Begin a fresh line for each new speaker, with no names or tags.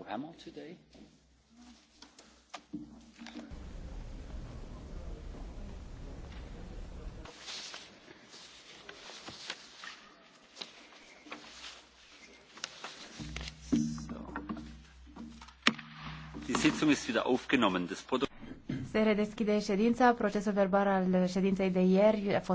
no Hamel today?
Se redeschide
ședința. Procesul verbal al ședinței de ieri a fost